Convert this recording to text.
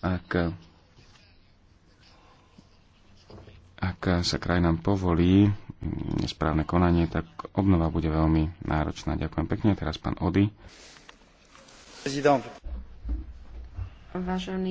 ak, ak sa nám povolí nesprávne konanie, tak obnova bude veľmi náročná. Ďakujem pekne. Teraz pán Ody. Vážený